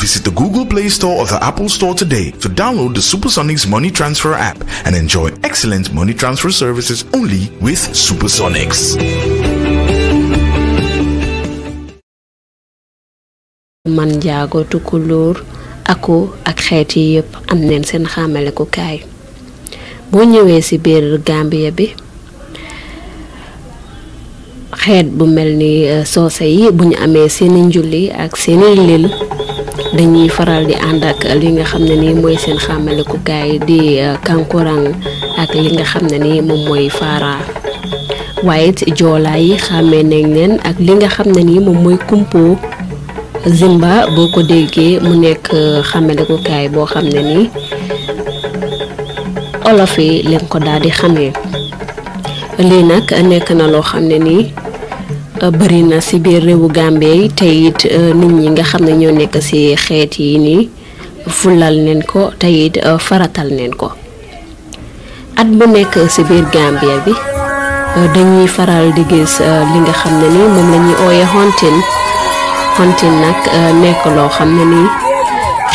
Visit the Google Play Store or the Apple Store today to download the Supersonics Money Transfer app and enjoy excellent money transfer services only with Supersonics. man to kulur, ako ak xeet yépp am neen seen xàmmalekukaay boo ñëwee ci biir Gambia bi xeet bu mel ni eh, soose yi bu ñu amee njulli ak seeni lil dañuy faral di ànd ak li nga xam ne nii mooy seen xàmmalikukaay di euh, kankurang ak li nga xam ne nii moom mooy faara waaye it joolaa yi xàmmee nañ leen ak li nga xam ne nii moom mooy kumpoo zimba boo ko déggee mu nekk euh, xàmmalikukaay boo xam ne nii olof yi leen ko daal di xamee lii nag nekk na loo xam ne nii. Euh, bari na ci biir réewu gambee yi te it euh, nit ñi nga xam ñoo nekk si xeet yi ni fulal neen ko te it euh, faratal neen ko at bu nekk si biir gambia bi dañuy faral di gis li nga xam ne ni moom la ñuy ooye hontin hontin nag nekk loo xam ni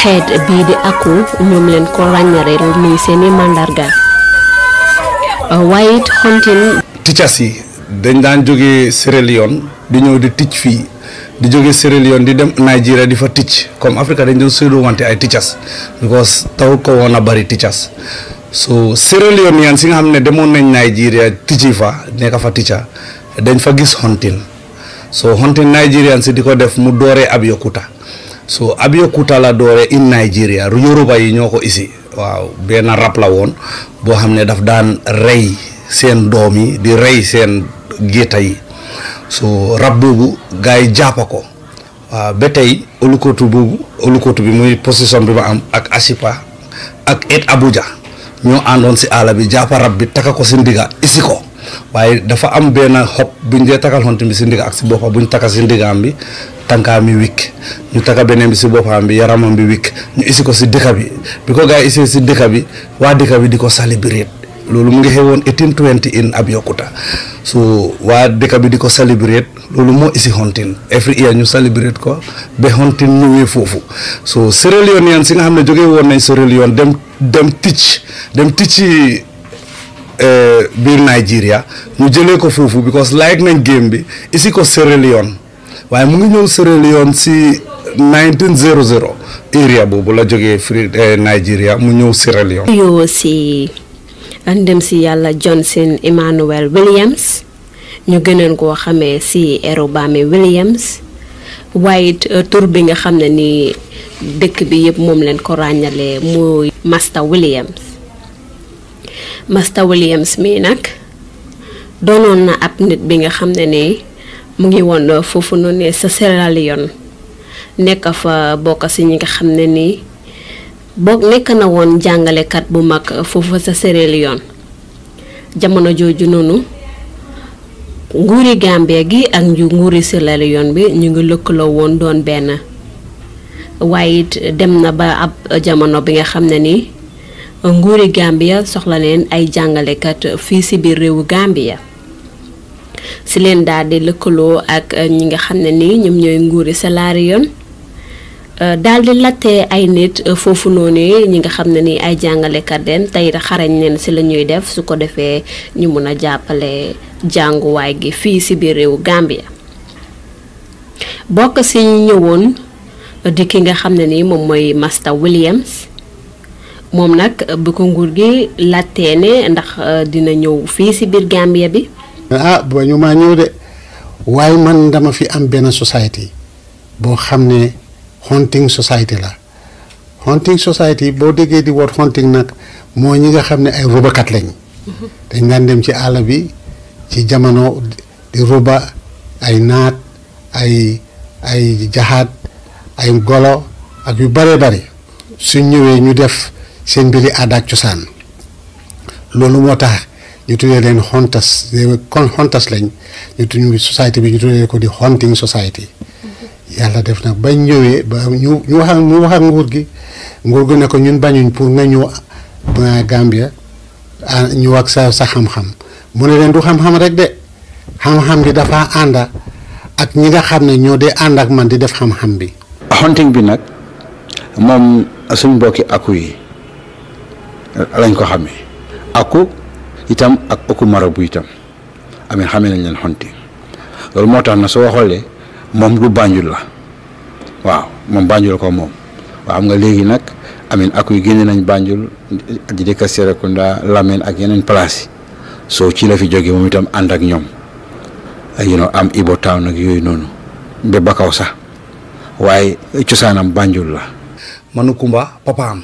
xeet bii di aku ñoom leen ko ràññareel muy seeni mandarga waaye it hontin teachers yi dañ daan joggé Sierra Leone di ñëw di ticc fi di joggé Sierra Leone di dem Nigeria di fa ticc comme Afrika dañ doon séddoo wante ay ticcas because taw ko wona bari ticcas so Sierra Leone yan si nga xamné ne demoon nañ Nigeria ticci fa ka fa ticca dañ fa gis hontin so hontin Nigerian si di def mu doré ab yokuta so ab yokuta la doré in Nigeria Yoruba yi ñoko isi waaw ben rap la won bo xamné ne daf daan rey sen domi di rey sen gée yi so rab boobu gars yi jàppa ko waaw ba tey olukootu boobu olukootu bi muy position bi ma am ak asipa ak et abuja ñoo àndoon si àll bi jàppa rab bi taka ko si ndiga isi ko waaye dafa am benn xob buñ dee takal xont bi si ndiga ak si bu ñu taka si ndigaam bi tànkaam bi wikk ñu taka beneen bi si boppam bi yaramam bi wikk ñu isi ko si dëkk bi bi ko gaa yi si dëkk bi waa dëkk bi di ko sali biréet loolu mu ngi xewoon 1820 ab yokkuta so waa dëkk bi di ko celebrate loolu moo isi hontin every year ñu celebrate ko ba hontin ñëwee foofu so Sierra Leonean si nga xam ne jógee woon nañ Sierra Leone dem dem ticc dem ticci eh, biir Nigeria ñu jëlee ko foofu because like nañ game bi isi ko Sierra Leone waaye mu ngi ñëw Sierra Leone si 1900 area boobu la jógee fri eh, Nigeria mu ñëw Sierra ndem si yàlla Johnson Emmanuel Williams ñu gënoon koo xamee si Erobami Williams waaye euh, tur bi nga xam ne ni dëkk bi yëpp moom leen ko ràññale mooy Master Williams mii nag doonoon na ab nit bi nga xam ne ni mu ngi woon foofu noonu ne sa Sierra Leone nekk fa bokk si ñi nga xam ne nii. boog nekk na woon jàngalekat bu mag foofu sa Sierra Leone jamono jooju noonu nguuri Gambia gi ak nju nguuri Sierra Leone bi ñu ngi lëkkaloo woon doon benn waaye it dem na ba ab jamono bi nga xam ne ni nguuri Gambia soxla leen ay jàngalekat fii ci biir réewu Gambia ci leen daal lëkkaloo ak ñi nga xam ne ni ñoom ñooy nguuri Sierra Euh, daal di latte ay nit euh, foofu noonu ñi nga xam ne ni ay jàngale den tey xarañ leen si la ñuy def su ko defee ñu mun a jàppale jànguwaay gi fii si biir réewu Gambia bokk si ñëwoon di ki nga xam ne ni moom mooy Master Williams moom nag bu ko nguur gi lattee ne ndax euh, dina ñëw fii si biir Gambia bi. ah ba ñu maa ñëw de waaye man dama fi am benn société boo xam ne. hunting society la hunting society boo déggee di word hunting nag mooy ñi nga xam ne ay robakat lañ dañ daan dem ci àll bi ci jamono di roba ay naat ay ay jaxaat ay golo ak yu bare bare suñ ñëwee ñu def seen mbiri aada ak cosaan loolu moo tax ñu tuddee leen hunters they were hunters lañ ñu tudd society bi ñu tuddee ko di hunting society yalla def nak bañ ñëwé ba ñu wax ñu wax nguur gi nguur gi nak ñun bañuñ pour nga ñu ba gambia ñu wax sa sa xam-xam mu ne len du xam-xam rek de xam-xam gi dafa anda ak ñi nga xam ne ñoo dee ànd ak man di def xam-xam bi hunting bi nak mom suñ bokki aku yi lañ ko xamé aku itam ak aku marabu itam amé xamé nañ len hunting lol motax na so xoolee mom du Banjul la waaw mom Banjul ko mom waaw am nga legui nak amin akuy yu nañ Banjul di dëkk Serekunda lamine ak yenen place so ci la fi joge mom itam and ak ñom ah, you know am Ibo Town ak yoy nonu ba Bakaw sax waaye cosaanam Banjul la Manukumba papaam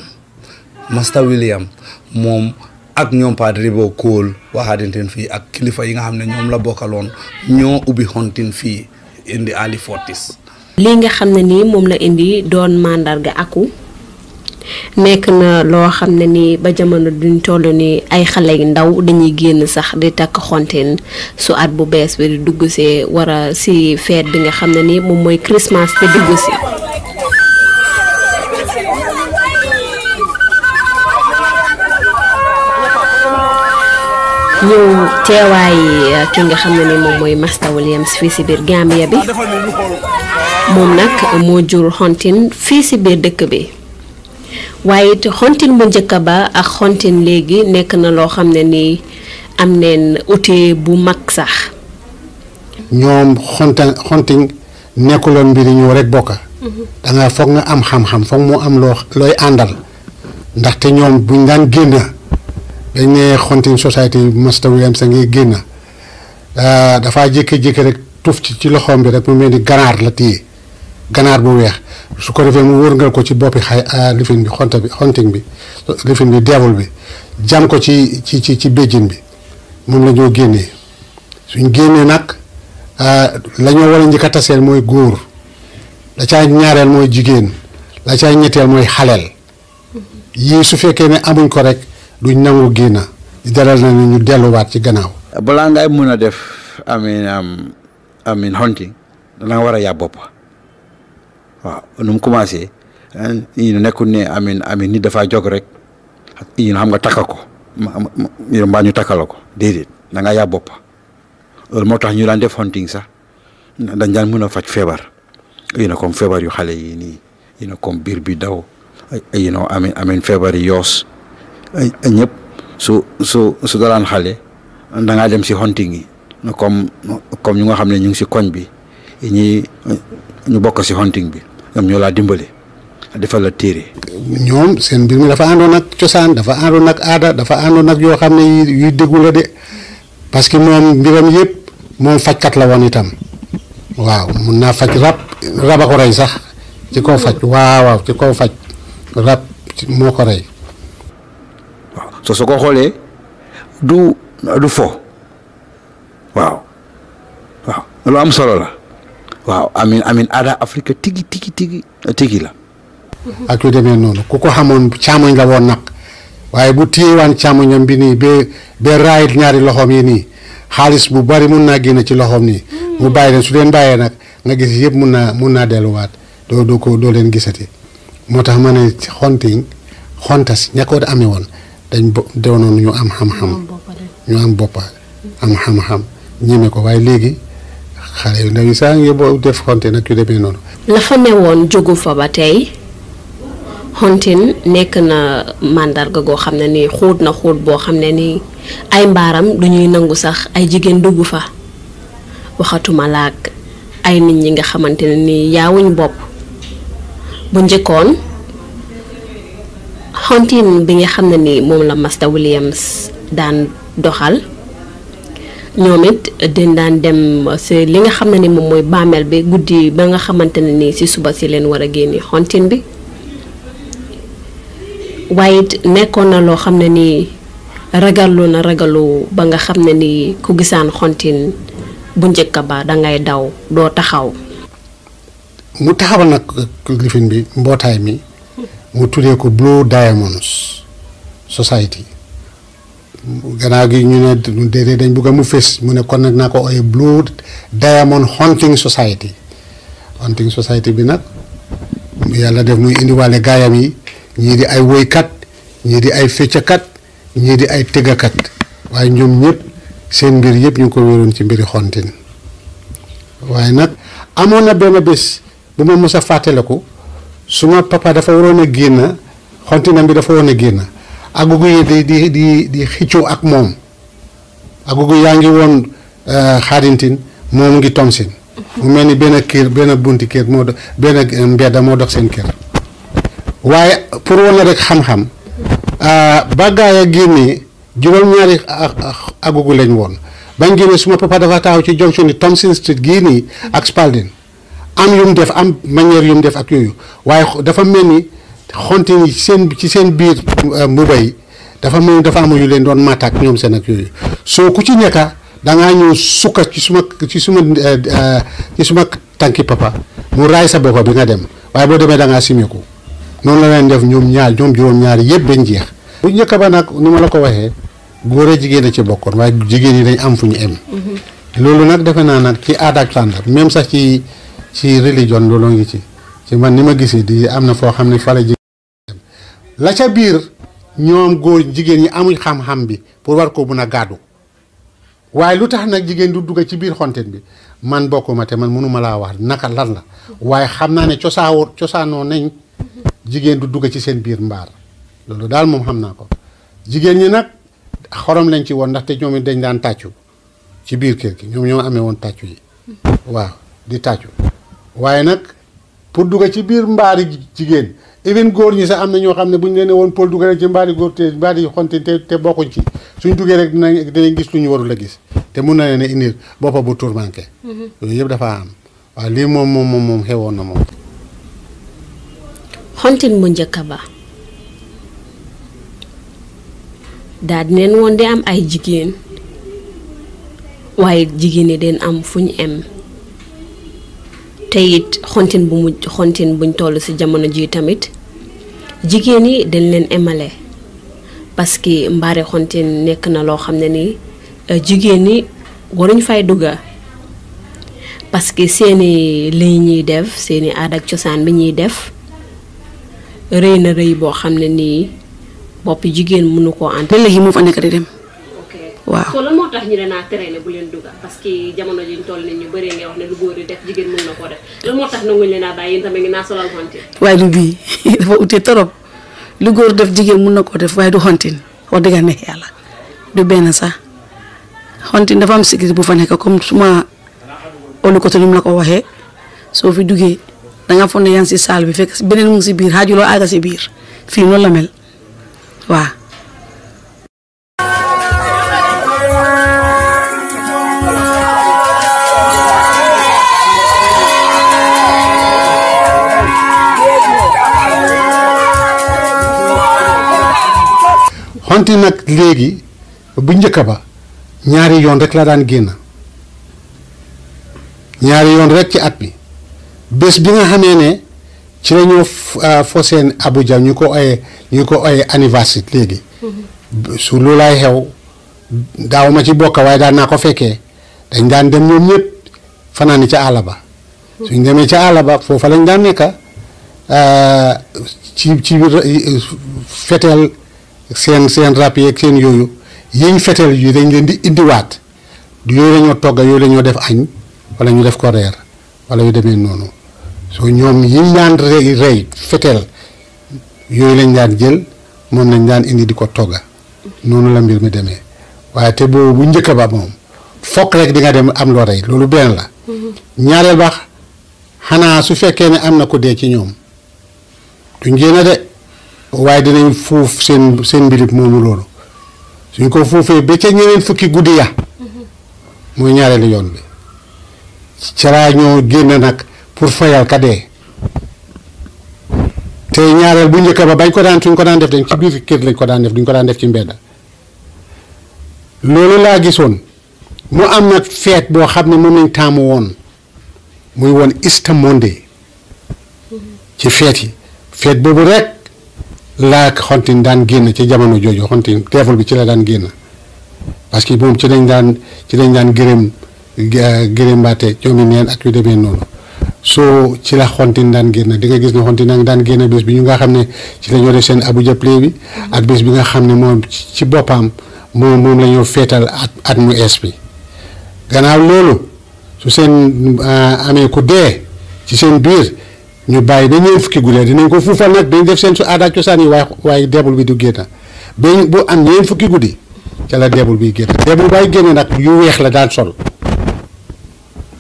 Master William mom ak ñoom Padre Ribo Kool waxaadinteen fi ak kilifa yi nga xamne ñom la bokalon, ñoo ubi hontin fi indi Ali lii nga xam ne nii moom la indi doon màndarga aku nekk na loo xam ne nii ba jamono duñ toll nii ay xale yu ndaw dañuy génn sax di takk xonteen su at bu bees bi di dugg see war a si feet bi nga xam ne ni moom mooy Christmas di dugg si. ñëw teewaay euh, ki nga xam ne ni moom mooy Master Williams fii si biir Gambia bi moom nag moo jur xontin fii si biir dëkk bi waaye it Hontine bu njëkk ba ak xontin léegi nekk na loo xam ne nii am neen ute bu mag sax. ñoom Hontine Hontine nekkuloon mbir yi ñëw rek bokka mhm. da nga nga am xam-xam foog moo am looy àndal ndaxte ñoom buñ daan génn. dañ ne Hunting Society Master Williams sa ngi génn ah, dafaa jékki-jékki rek tuuf ci ci loxoom bi rek mu mel ni ganaar la téye ganaar bu weex su ko defee mu wërngal ko ci boppi xay ah, lifin bi xonta bi Hunting bi lifin bi deewul bi jam ko ci ci ci ci béjjin bi moom la ñoo génnee suñ génnee nag ah, la ñoo war a njëkk a taseel mooy góor la caa ñaareel mooy jigéen la caa ñetteel mooy xaleel yii su fekkee ne amuñ ko rek duñ nangu génn jaral na ni ñu delluwaat ci gannaaw. balaa ngay mun a def amin um, amin hunting dana war a yàbb boppa waaw nu mu commencé ñu nekkul ne amin amin nit dafaa jog rek ñu xam nga takka ko mbaa ñu takkala ko déedéet da nga yàbb bopp loolu moo tax ñu daan def hunting sax dañ daan mun a faj feebar yi na feebar yu xale yi nii yi na biir bi daw yi na amin feebar yi yoos ñëpp su su su daraan xale da dem si hunting yi comme comme ñu nga xam ne ñu ngi si koñ bi ñu bokk si hunting bi ñoom ñoo laa dimbali defal la téere. ñoom seen mbir mi dafa àndoon ak cosaan dafa àndoon ak aada dafa àndoon ak yoo xam ne yuy déggu de parce que moom mbiram yëpp moom fajkat la woon itam waaw mun naa faj rab raba ko rey sax ci kaw faj waaw waaw ci kaw faj rab moo ko rey. so soo ko du du fo wow, waaw lo am solo la waaw amin amin ada afrika tigi tigi tigi tigi la. ak yu demé noonu ku ko xamoon càmmoñ la won nak waye bu chamoy ñom bi ni be be raid ñaari loxom yi ni xaliss bu bari mu na gene ci loxom ni hmm. mu bàyyi su leen bayé nak nga gis mu na mu na delu wat do do ko do len gisati motax mané xonting xontas dañ bo doonoon ñu am xam-xam ñu am boppaale am xam-xam ñeme ko waaye léegi xale yu ndaw yi saa ngi boo def xonte nag yu demee noonu la fa woon jógu fa ba tey xontin nekk na màndarga goo xam ne ni xóot na xóot boo xam ne nii ay mbaaram duñuy nangu sax ay jigéen dugg fa waxatuma laag ay nit ñi nga xamante ne nii yaawuñ bopp bu njëkkoon xontin bi nga xam ne ni moom la Master Williams daan doxal ñoom it dañ daan dem si li nga xam ne ni moom mooy bàmmeel bi guddi ba nga xamante ne ni si suba si leen war a génne xontin bi waaye it nekkoon na loo xam ne nii ragallu na ragalu ba nga xam ne ni ku gisaan xontin bu njëkk ba dangay daw doo taxaw mu taxawal nag lifin bi mbootaay mi mu tuddee ko Blue Diamonds Society gannaaw gi ñu ne dañ bugg a mu fés mu ne kon nag naa ko ooyee Blue Diamond Hunting Society Hunting Society bi nag yàlla def muy indiwaale gaayam yi ñii di ay woykat ñii di ay feccakat ñii di ay tëggakat waaye ñoom ñëpp seen mbir yëpp ñu ko wéeroon ci mbiri xontin waaye nag amoon na benn bés bu ma mos a suma papa dafa waroon a génn xontinam bi dafa waroon a génn agugu yi di di di di ak moom agugu yaa ngi woon xaarintin euh, moom ngi tomsin mu mel ni benn kër benn bunti kër moo dox benn euh, mbedda moo dox seen kër waaye pour woon na rek xam-xam euh, ba gaay a génnee juróom-ñaari agugu lañ woon bañ génnee suma papa dafa taxaw ci jonction ni Thompson Street gii nii ak Spalding am yu mu def am manière yu mu def ak yooyu waaye dafa mel ni xonte ni ci seen biir euh, mbubay dafa mel ni dafa am yu leen doon matt ak ñoom seen ak yooyu soo ku ci nekka da ngaa ñëw sukka ci suma ci suma euh, ci suma tànki papa mu raay sa boppa bi nga dem waaye boo demee da ngaa simiku noonu la leen def ñoom ñaar ñoom juróom-ñaar yëpp bañ jeex. bu njëkk ba nag ni ma la ko waxee góor a jigéen a ci bokkoon waaye jigéen yi dañ am fu ñu em. Mm-hmm. loolu nag defe naa ci aada ak cosaan sax ci. ci religion loolu ngi ci ci man ni ma gisee di am na foo xam ne fale jigéen la ca biir ñoom góor jigéen ñi amuñ xam-xam bi pour war ko mun a gàddu waaye lu tax nag jigéen du dugg ci biir xonteen bi man bokkuma te man mënuma laa wax naka lan la waaye xam naa ne cosaawoo cosaanoo nañ jigéen du dugg ci seen biir mbaar loolu daal moom xam naa ko jigéen ñi nag xorom lañ ci woon ndaxte ñoom it dañ daan tàccu ci biir kër gi ñoom ñoo amee woon tàccu yi waaw di tàccu waaye nag pour dugg ci biir mbaari jigéen even góor ñi sa am na ñoo xam ne bu ñu leen ne woon pour dugg rek ci mbaari góor te mbaari xonte te te bokkuñ ci suñ duggee rek dinañ dinañ gis lu ñu warul a gis te mun na leen indi boppa bu tourmanqué. loolu mhm. yëpp dafaa am waaw lii moom moom moom moom xewoon na moom. xontin bu njëkk ba daa dineen woon di am ay jigéen waaye jigéen yi den am fu ñu em. te it xontin bu mu xontin buñ toll ci jamono ji tamit jigéen yi dañ leen émale parce que mbaare xontin nekk na loo xam ne ni euh, jigéen ñi waruñ fay dugga parce que seeni lëy ñuy def seeni aadak cosaan bi ñuy def rëy na rëy boo xam ne nii bopp jigéen munu koo ànd. léeg-léeg yi moo fa nekk di dem. waaw so lan moo tax ñu danaa traîner bu leen dugal parce que jamono ji toll ñu nga wax ne lu góor yi def jigéen mën na ko def lan moo tax nanguñ leen a bàyyi yéen tamit naa solal waaye bii dafa lu góor def jigéen mën na ko def waaye du hontin wax dëgg neex yàlla du benn sax hontin dafa am sécurité bu fa nekk comme suma olu ko ñu la ko waxee soo fi duggee da nga yan si bi fekk beneen mu ngi si biir xaajuloo si biir fii noonu la mel waaw wante nag léegi bu njëkk ba ñaari yoon rek la daan génn ñaari yoon rek ci at bi bés bi nga xamee ne ci la ñoo euh, foseen Abuja ñu ko oye ñu léegi mm-hmm. su lu lay xew daaw ma ci bokk waaye daan naa ko fekkee dañ daan dem ñoom ñëpp fanaani ca àll ba suñ demee ca àll ba foofa lañ daan nekka euh, ci ci feteel seen seen rap yeeg seen yooyu yiñ feteel yi dañ leen di indiwaat du yooyu la yooyu la def añ wala ñu def ko reer wala yu demee noonu soo ñoom yiñ daan rey rey feteel yooyu lañ daan jël moom lañ daan indi di ko togga noonu la mbir mi demee waaye te boobu bu njëkk ba moom fokk rek di nga dem am loo rey loolu benn la ñaareel ba xanaa su fekkee ne am na ko dee ci ñoom duñ génn de waaye dinañ foof seen seen mbirib moomu loolu suñ ko foofee ba ca ñeneen fukki guddi ya mooy ñaareelu yoon bi ca ñoo génn nag pour fayal ka dee te ñaareel bu njëkk ba bañ ko daan suñ ko daan def dañ ci biir kër lañ ko daan def duñ ko daan def ci mbedd loolu laa gisoon mu am nag feet boo xam ne moom lañ taamu woon muy won Easter Monday ci feet yi feet boobu rek laak xontin daan génn ci jamono jooju xontin teeful bi ci la daan génn parce que moom ci lañ daan ci lañ daan gërëm gërëmbaate ñoom i neen ak noonu soo ci la xontin daan génn di nga gis ne xontin daan génn bés bi ñu nga xam ne ci la ñoo def seen abuja play bi ak bés bi nga xam ne moom ci boppam moom moom la ñoo feetal at at mu ees bi gannaaw loolu su seen ah, amee ku dee ci seen biir ñu bàyyi ba ñeen fukki guddeer dinañ ko fuufal nag dañ def seen su aada cosaan yi waaye waaye deebul bi du génn ba bu am ñeen fukki guddi ca la deebul biy génn deebul bay génn nag yu weex la daan sol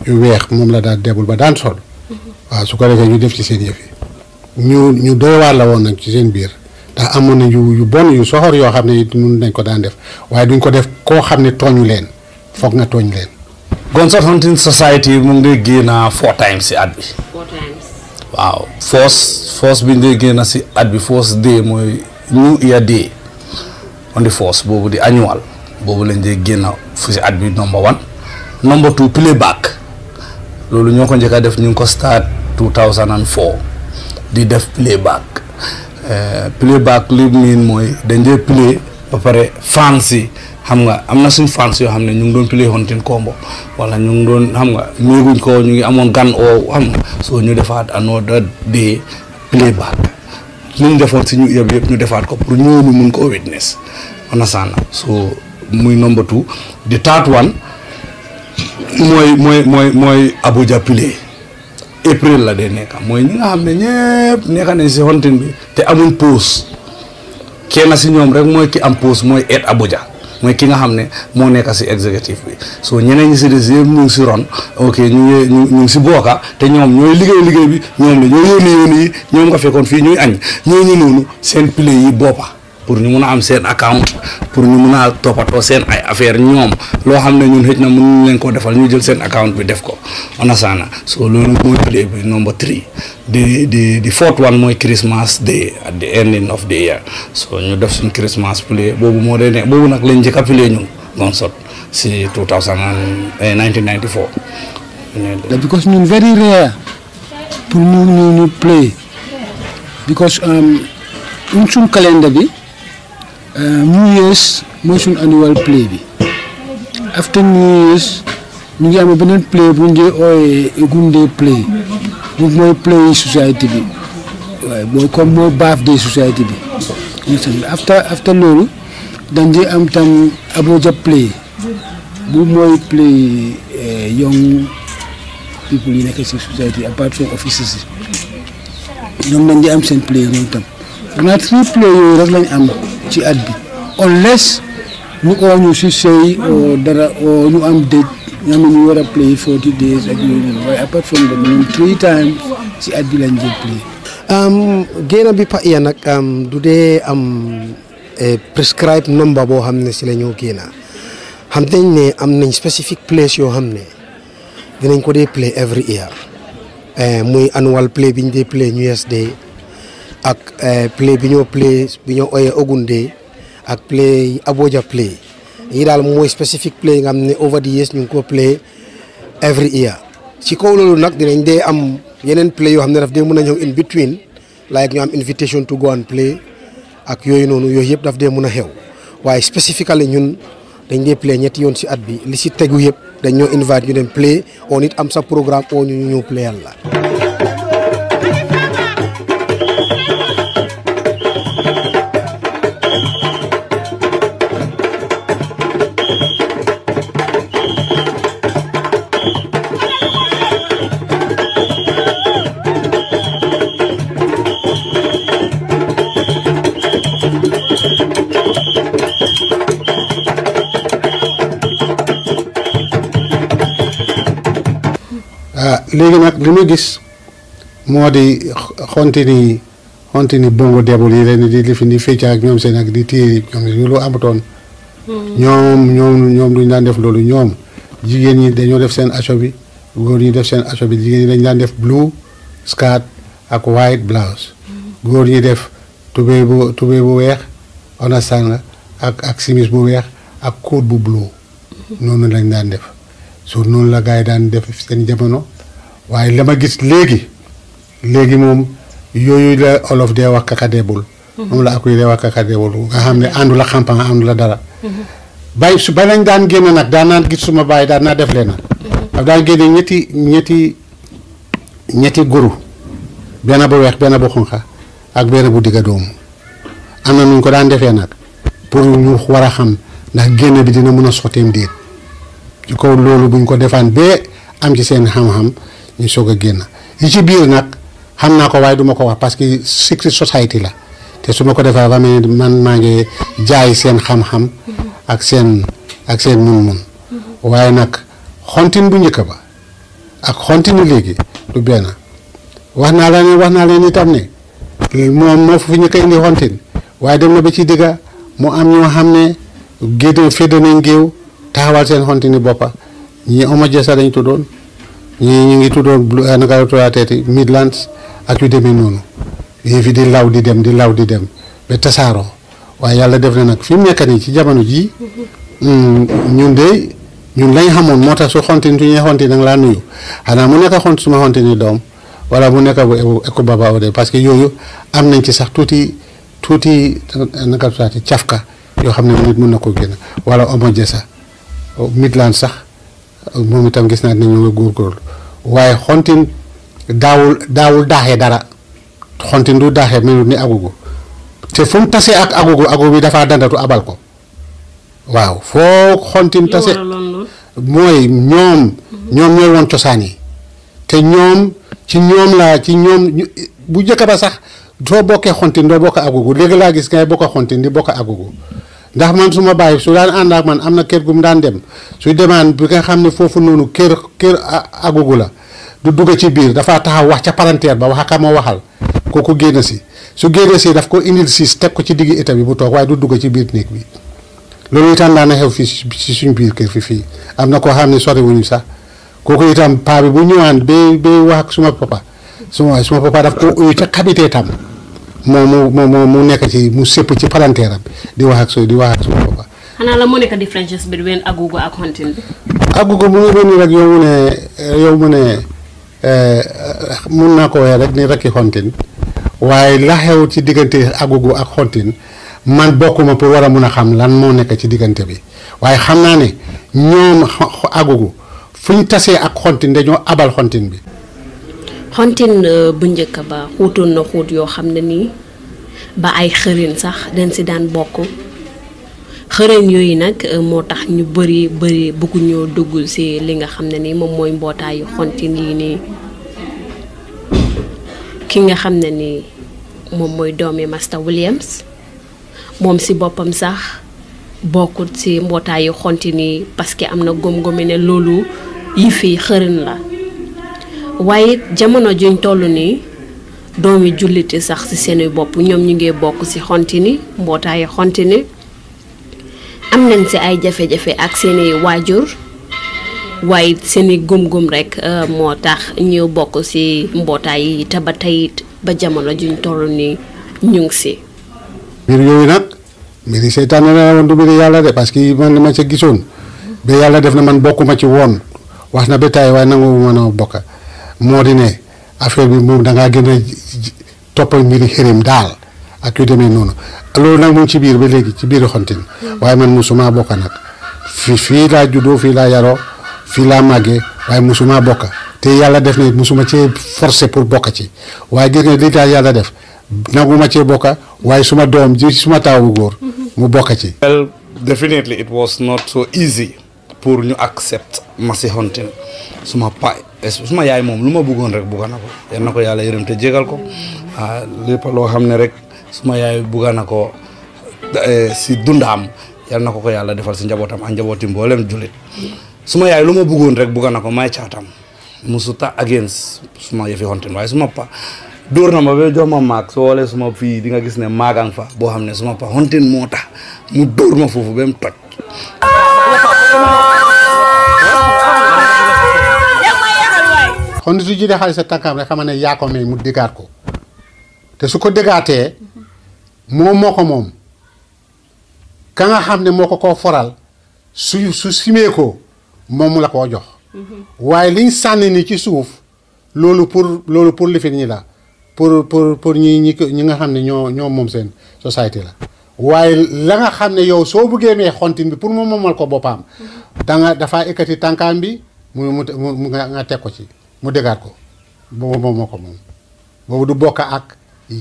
yu weex moom la daan deebul ba daan sol waaw su ko defee ñu def ci seen yëf ñu ñu doy waar la woon nag ci seen biir ndax amoon na yu yu bon yu soxor yoo xam ne mun nañ ko daan def waaye duñ ko def koo xam ne tooñu leen foog nga tooñ leen. Gonzo Hunting Society mu ngi génn four times si at bi. waaw force force bi nga génna si at bi force day mooy new year day on the force boobu di annual boobu lañ dee génn fu si at bi number one number two play back loolu ñoo ko njëkk a def ñu ngi ko start 2004 di def play back eh, play back li mu miin mooy dañ dee play ba pare fans yi xam nga am na suñ fans yoo xam ne ñu ngi doon play Hunting Combo wala ñu ngi doon xam nga néeguñ koo ñu ngi amoon gan oo am nga soo ñu defaat another day play back li defoon si ñu yëpp ñu defaat ko pour ñëw ñu mun koo witness understand so muy number di third one mooy mooy mooy mooy Abuja play april la dee nekka mooy ñi nga xam ne ñëpp nekka nañ si Hunting bi te amuñ pause kenn si ñoom rek mooy ki am pause mooy eet Abuja mooy ki nga xam ne moo nekk si exécutif bi so ñeneen ñi si des yëpp ñu ngi si ron ok ñu ñu ngi si booka te ñoom ñooy liggéey liggéey bi ñoom la ñoo yónni yónni yi ñoom nga fekkoon fii ñuy añ ñooñu noonu seen pile yi boppa pour ñu mun a am seen account pour ñu mun a toppatoo seen ay affaire ñoom loo xam ne ñun xëj na mënuñ leen ko defal ñu jël seen account bi def ko on asana so loolu mooy play di di di fourth one mooy Christmas day at the ending ñu def suñ Christmas play boobu moo dee ne boobu a play ñun Gonsot si 1994. because ñun very rare pour ñu ñu ñu play um, bi. Euh, New Year's mooy suñ annual play bi after New Year's ñu ngi amee beneen play bu ñu dee ooyee Egunde play boobu mooy play society bi waaye mooy comme mooy birthday society bi after loolu dañ dee am tam Abuja play bu mooy play eh, young people yi nekk si society apart from offices yi ñoom dañ dee am seen play play yooyu rek lañ am ci at bi on ñu oo si sëy dara ñu am dëj ñu am ñu war a play forty days ak waaye apart from that three times si at bi lañ jël play. génn bi pa ya nag du dee am e, prescribe number boo xam ne si la ñoo génn xam nañ ne am nañ specific place yoo xam ne dinañ ko dee play every year e, muy annual play bi ñu dee play New Year's Day ak eh, play bi ñoo play bi ñoo ooyee Ogunde ak play Aboja play yi daal mooy spécifique play nga xam ne over the years ñu ngi ko play every year ci kaw loolu nag dinañ dee am yeneen play yoo xam ne daf dee mën a ñëw in between like ñu am invitation to go and play ak yooyu noonu yooyu yëpp daf dee mën a xew waaye spécifically ñun dañ dee play ñetti yoon si at bi li si tegu yëpp dañ ñoo invite ñu dem play on it am sa programme oo ñu ñu ñëw playal la léegi nag li ñu gis moo di xontini ni bongo debul yi leen di lifi ni fecc ak ñoom seen ak di téye ñoom ñu lu amatoon hmm. ñoom ñoom ñoom duñ daan def loolu ñoom jigéen ñi dañoo def seen acho bi góor ñi def seen acho bi jigéen ñi dañ daan def blue skirt ak white blouse hmm. góor ñi def tubéy bu tubéy bu weex onastan la ak ak simis bu weex ak code bu blue hmm. noonu lañ daan def so noonu la gaay daan def seen jamono waaye la ma gis léegi léegi moom yooyu la olof dee wax kakadeebul mhm. moom la akuy dee wax kakadeebul nga xam ne àndu la xampan àndu la dara mhm. bàyyi su ba lañ daan génn nag daan naan gis suma bàyyi daan naa def leen mhm. daf daan génne ñetti ñetti ñetti guru benn bu weex benn bu xonqa ak benn bu digga doomu am na nuñ ko daan defee nag pour ñu war a xam ndax génn bi dina mën a sotteem déet ci kaw loolu buñ ko defaan bee am ci seen xam-xam ñu soog a génn yi ci biir nag xam naa ko waaye duma ko wax parce que secret society la te su ma ko defee ba man maa ngi jaay seen xam-xam ak seen ak seen mun-mun waaye nag xontin bu njëkk ba ak xontinu léegi du benn wax naa la ne wax naa leen itam ne moom moo fi ñëkk koy indi xontin waaye dem na ba ci digga mu am ñoo xam ne gédé fédé nañ géew taxawal seen xontini boppa ñi homo jesa dañ tuddoon ñu ñu ngi tuddoo eh, naka la tuddaatee Midlands ak yu demee noonu yii fi di law di dem di law di dem ba tasaaroo waaye yàlla def na nag fi mu nekk nii ci jamono jii mm, ñun de ñun lañ xamoon moo tax su xontin su ñuy xontin nag laa nuyu xanaa mu nekk xont suma xontin ni doom wala mu nekk bu eku baba ode parce que yooyu am nañ ci sax tuuti tuuti naka la cafka yoo xam ne nit mun na ko génn wala omo jesa Midlands sax. moom itam gis naa ne ñu ngi góorgóorlu waaye xontin daawul daawul daaxe dara xontin du daaxee melut ni agogo te fu mu tasee ak agogo agogo bi dafaa dandatu abal ko waaw foo xontin tase mooy ñoom mm-hmm. ñoom ñooy woon cosaan yi te ñoom ci ñoom la ci ñoom bu njëkk ba sax soo bokkee xontin doo bokk agogo léegi laa gis ngay bokk xontin di bokk agogo ndax man suma bay su daan and ak man am na kër gum daan dem su demane bi nga xamne fofu nonu noonu kër kër agugu du dugg ci biir dafa taxaw wax ci palanteer ba wax ak mo waxal koku si su génn si daf ko indil ci tek ko ci digi état bi bu tok way du dugg ci biir nek bi loolu itam na xew fi ci suñu biir kër fi fi am na xamne sori wuñu sax koku itam pa bi bu be be wax suma papa suma suma papa daf ko uyu ci tam moo moo moo mu nekk ci mu sëpp ci palanteer di wax ak suy di wax ak suy boppam. xanaa la moo nekk différence between bi. agogo mu ngi doon nii rek mu ne yow eh, mun naa ko waxee rek ni rakki hunting waaye la xew ci diggante agogo ak hunting man bokkuma pour war a mun a xam lan moo nekk ci diggante bi waaye xam naa ne ñoom agogo fu ñu tasee ak hunting dañoo abal hunting bi. xontin euh, bu njëkk ba xuutoon na xuut yoo xam ne nii ba ay xërin sax dañ si daan bokk xërën yooyu nag euh, moo tax ñu bëri bëri bëggu ñoo si li nga xam ne nii moom mooy mbootaayu nii ki nga xam ne nii moom mooy doomi Master Williams moom si boppam sax bokkut si mbootaayu xontin yi parce que am na gom-gomi ne loolu yi fii xërën la waye jamono juñ tollu ni doomi julliti sax ci seeni bop ñom ñu ngi bok ci xontini mbootaayi xontini am nañ ci ay jafe-jafe ak seeni wajur waye seeni gum-gum rek euh, mo tax ñu bok ci mbootaay yi ba jamono juñ tollu ni ñu ngi si mbir yooyu nag mbiri seytaane la woon du mbiri yalla de parce que man ma ci gisoon be yalla def na man bokuma ci won waxna be tay way nangu na bokka moo di ne affaire bi moom da ngaa gën a toppal mbiri xërim daal ak yu demee noonu loolu nag moom ci biir ba léegi ci biir xontin hmm. waaye man musuma bokka nag fi fii laa juddoo fii laa yaroo fii laa màggee waaye musuma bokka te yàlla def na musuma cee forcé pour bokk ci waaye gis nga li daal yàlla def nanguma cee bokka waaye suma doom ji suma taaw bu góor hmm. mu bokk ci. well definitely it was not so easy. pour ñu accepte ma si hontin suma pa eh, suma yaay mom lu bëggon rek bëgg na ya yal na ko te jégal ko ah lepp lo xamné rek suma yaay bëgg na si Dundam, ya na ko eh, yalla defal si njabotam an njabotim bolem julit suma yaay lu bëggon rek bëgg may chatam musuta against suma yefi hontin way suma pa dur na ma be do ma maag soo suma fi di nga gis né magang fa bo xamné suma pa hontin mota mu dóor ma foofu toj kon su yi jëlee xaalis sa tànkam rek xam ne yaa ko may mu déggaat ko te su ko déggaatee moom moo ko moom ka nga xam ne moo ko koo foral su su simee ko moom mu la koo jox waaye liñ sànni ni ci suuf loolu pour loolu pour lifin ñi la pour pour pour ñi ñi ñi nga xam ne ñoo ñoo moom seen société la waaye la nga xam ne yow soo buggee mee xontin bi pour mu moomal ko boppam. da dafaa ekkati tànkaam bi mu mu mu nga teg ko ci mu dëggaat ko boobu moom ma ko moom boobu du bokk ak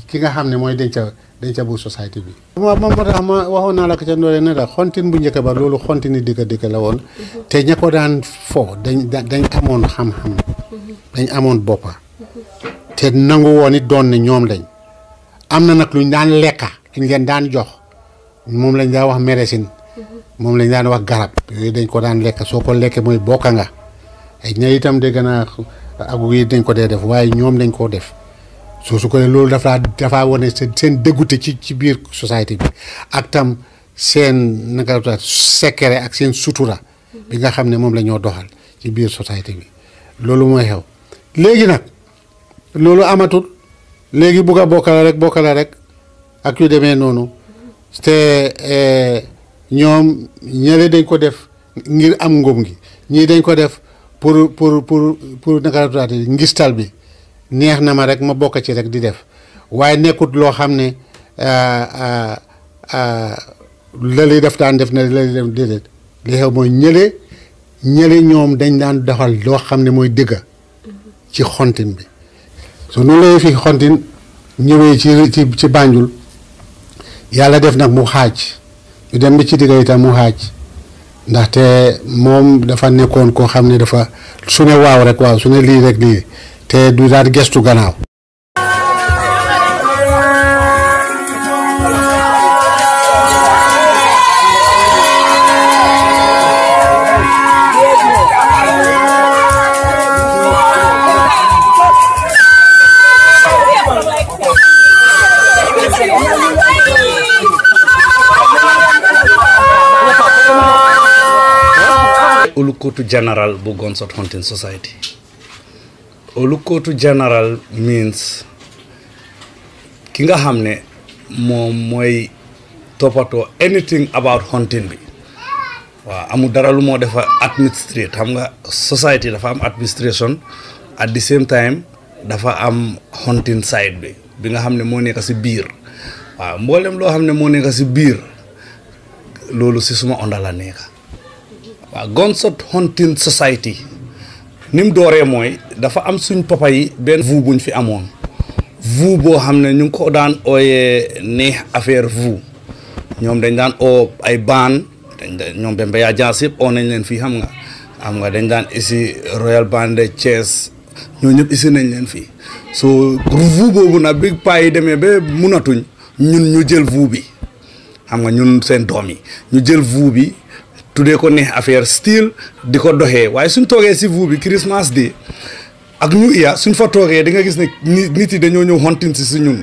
ki nga xam ne mooy denca denca bu société bi. ma moom moo tax ma waxoon naa la ko ca ndoolee ne la xontin bu njëkk ba loolu xontini dikka dikka la woon. te ña ko daan fo dañ dañ amoon xam-xam. dañ amoon boppa te nangu woon it doon ne ñoom lañ am na nag luñ daan lekka luñ leen daan jox. moom lañ daa wax médecine mhm. moom lañ daan wax garab yooyu dañ ko daan lekk soo ko lekkee mooy bokka nga ay ña itam de gën a agu dañ ko dee def waaye ñoom dañ koo def soo su ko loolu dafa dafaa seen dégoûté ci ci biir société bi ak tam seen naka la secret ak bi nga xam ne moom la doxal ci biir société bi loolu mooy xew léegi loolu amatul léegi bugg a bokka rek bokka la rek ak yu demee noonu te eh, ñoom ñële dañ ko def ngir am ngóom ngi ñii dañ ko def pour pour pour pour naka la ngistal bi neex na ma rek ma bokk ci rek di def waaye nekkut loo xam ne la li def daan def na la li def déedéet li xew mooy ñële ñële ñoom dañ daan doxal loo xam ne mooy dëgga ci xontin bi su noonu la fi xontin ñëwee ci ci ci yàlla def nag mu xaaj ñu dem bi ci digga itam mu xaaj ndaxte moom dafa nekkoon koo xam ne dafa su ne waaw rek waaw su ne lii rek lii te du daal gestu gannaaw Olukootu general bu Gunsot Hunting Society. Olukootu general means ki nga xam ne moom mooy toppatoo anything about hunting bi waaw amul dara lu moo defa administrate xam nga society dafa am administration at the same time dafa am hunting side bi bi nga xam ne moo nekk si biir waaw mboolem loo xam ne moo nekk si biir loolu si suma ondal la nekk waaw Gonzo's Hunting Society ni mu dooree mooy dafa am suñ papa yi benn vu buñ fi amoon vu boo xam ne ñu ngi ko daan ooyee neex affaire vu ñoom dañ daan oo ay baan dañ da ñoom Bemba Yaa Jaas yëpp oo nañ leen fii xam nga xam nga dañ daan isi Royal Band de Thiès ñoo ñëpp isi nañ leen fii so vu boobu nag bi paa yi demee ba munatuñ ñun ñu jël vu bi xam nga ñun seen doom yi ñu jël vu bi tuddee ko neex affaire style di ko doxee waaye suñ toogee si vous bi Christmas di ak ñu iya suñ fa toogee di nga gis ne nit yi dañoo ñëw hontin si si ñun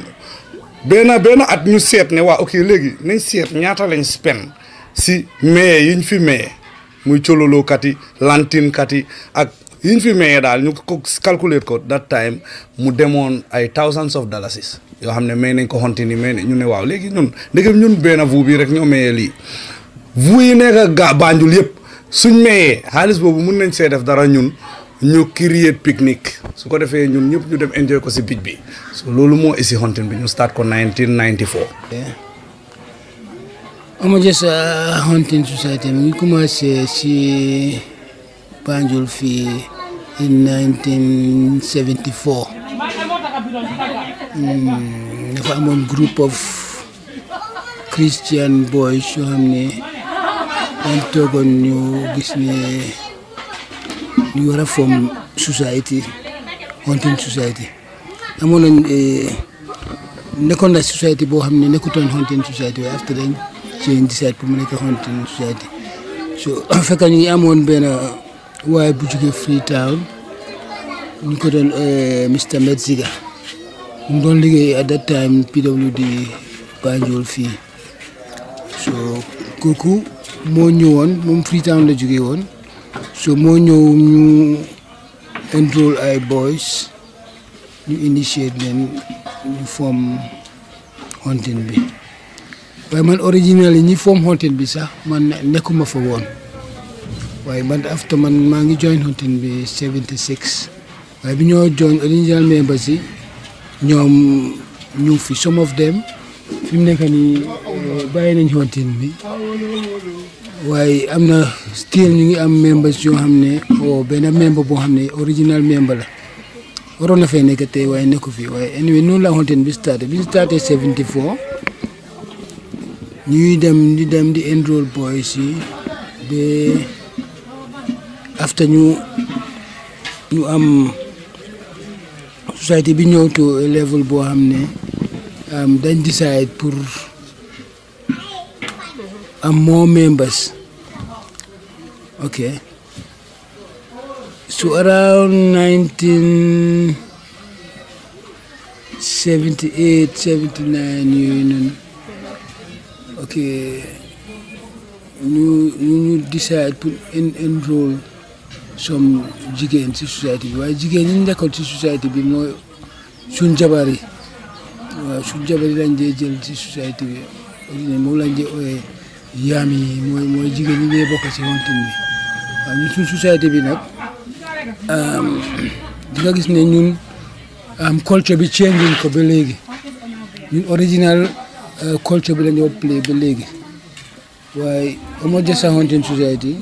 benn benn at ñu seet ne waa ok léegi nañ seet ñaata lañ spend si maye yiñ fi maye muy cololookat yi lantinkat yi ak yiñ fi maye daal ñu ko calculer ko that time mu demoon ay thousands of dollars yoo xam ne may nañ ko hontin yi may ñu ne léegi ñun ndegem ñun benn bi rek ñoo maye lii vuy yi ga banjul yep suñ meye xaliss bobu mun nañ see def dara ñun ñu créer pique-nique su ko defee ñun ñep ñu dem enjoy ko ci bij bi so lolu mo isi hontin bi ñu start ko 1994 amu jës hontin uh, society mi ngi commencé si banjul fi in 1974 mm, group of christian boys yoo xam dañ toogoon ñu gis ne ñu war a form society hunting society amoon nañ eh, nekkoon na society boo xam ne nekkutoon hunting society waaye after dañ change decide pour mu nekk hunting society so fekk ñu ngi amoon benn waaye bu jógee Freetown ñu ko doon eh, Mr Medziga mu doon liggéey at that time PWD Banjul fii so kooku moo ñëwoon moom Freetown la jógee woon so moo ñëw ñu enroll ay boys ñu initiate leen ñu form hontin bi waaye man original yi ñi form hontin bi sax man nekkuma fa woon waaye man after man maa ngi join hontin bi 76 waaye bi ñoo join original members yi ñoom ñu fi some of them fi mu nekk nii eh, bàyyi nañ hontin bi waaye am na still ñu ngi am membres yoo xam ne o benn membre boo xam ne original membre la waroon na fee nekk tey waaye nekk fi waaye anyway noonu la xonteen bi starté bi ñu starté 74 dem di dem di enroll boys yi ba after ñu ñu am société bi ñëw to level boo xam ne um, dañ decide pour am more members. Okay. So around 1978, 79 union. Okay. ñu ñu decide pour enroll some jigéen ci société bi waaye jigéen ñi nekkoon ci société bi mooy suñ jabar yi waaw suñ jabar jël ci société bi moom lañ dee yaam yi mooy jigéen ñi ngay bokk si wantin bi suñ société bi nag di nga gis ne ñun culture bi changing ko ba léegi ñun original euh, culture bi la ñoo play ba léegi waaye amoo jë sa wantin société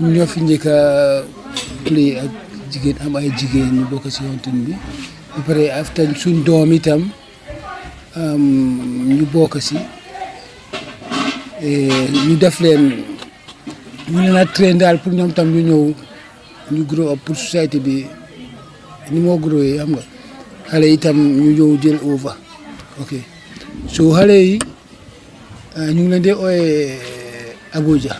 ñun ñoo fi njëkk a play ak jigéen am ay jigéen ñu bokk si wantin bi ba after suñ doom itam ñu bokk si Eh, ñu def leen ñu leen a train daal pour ñoom tam ñu ñëw ñu grow up pour société bi ni moo grow yi xam nga xale tam ñu ñëw jël over ok so xale eh, ñu ngi leen di ooyee Abuja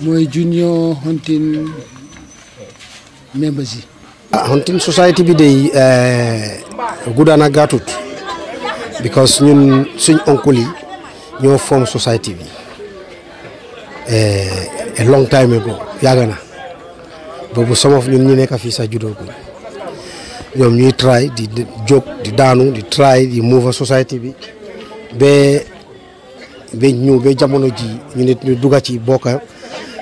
mooy junior hunting members yi. ah society bi day eh, guddaan ak gaatut because ñun suñ oncle yi. ñoo form society bi eh, a long time ago yàgg na boobu some of ñun ñu nekk fii sax juddooguñ ñoom ñuy try di jóg di daanu di try di move society bi ba ba ñëw jamono ji ñu nit ñu dugga ci bokka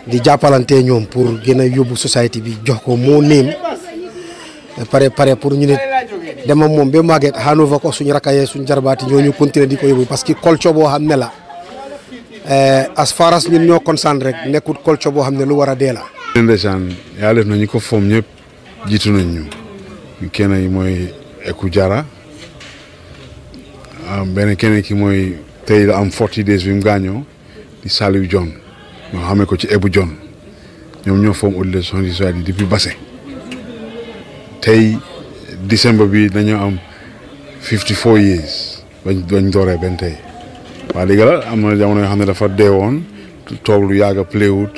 di jàppalante ñoom pour gën a yóbbu society bi jox ko moo néem pare pour ñu nit dama moom ba màgget xaanufa ko suñu rakkayee suñu jarbaati ñu continuer di ko yóbbu parce que culture boo xam ne la eh, as far as ñun ñoo concentré rek nekkul culture boo xam ne lu war a dee la. ndeysaan yàlla def na ñu ko foom ñëpp jiitu nañ ñu kenn mooy Eku Jara beneen keneen ki mooy tey la am forty days bi mu gaañoo di Saliou John ñoo xamee ko ci Ebu jon ñoom ñoo foom au delà de son depuis Basse tey. décembre bi dañoo am 54 years bañ bañ dooree benn tey waa dëgg am na jamono yoo xam ne dafa deewoon toog lu yàgg a playwood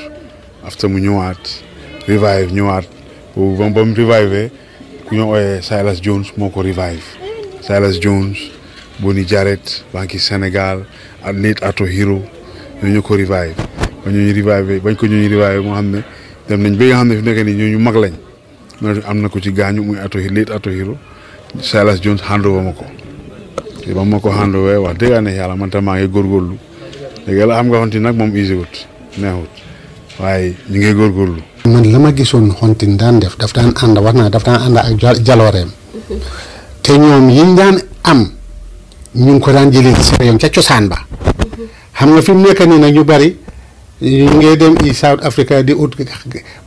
after mu ñëwaat revive ñëwaat boobu ba ba mu revive ku ñoo ooyee Silas Jones moo ko revive Silas Jones Boni Jarret banki Sénégal ak Nate Ato Hero ñoo ñu ko revive bañ ko ñu ñooñu revive moo xam ne dem nañ ba nga xam ne fi nekk nii ñooñu mag lañ am na ko ci gañu muy ato late ato hiro silas jones handover ma ko te ba mako ko we wax de ne yalla man tam maa ngi góorgóorlu dëgg la nga honti nag mom easy wut neewut waaye ñu ngi gorgolu man lama ma gisoon xontin daan def daf tan wax na daf tan anda ak jalorem te ñoom yi ndan am ñu ko dan jëlé ci réew ci ciosan ba xam nga fi nekk ni nak ñu bari ñu ngi dem i South Africa di ut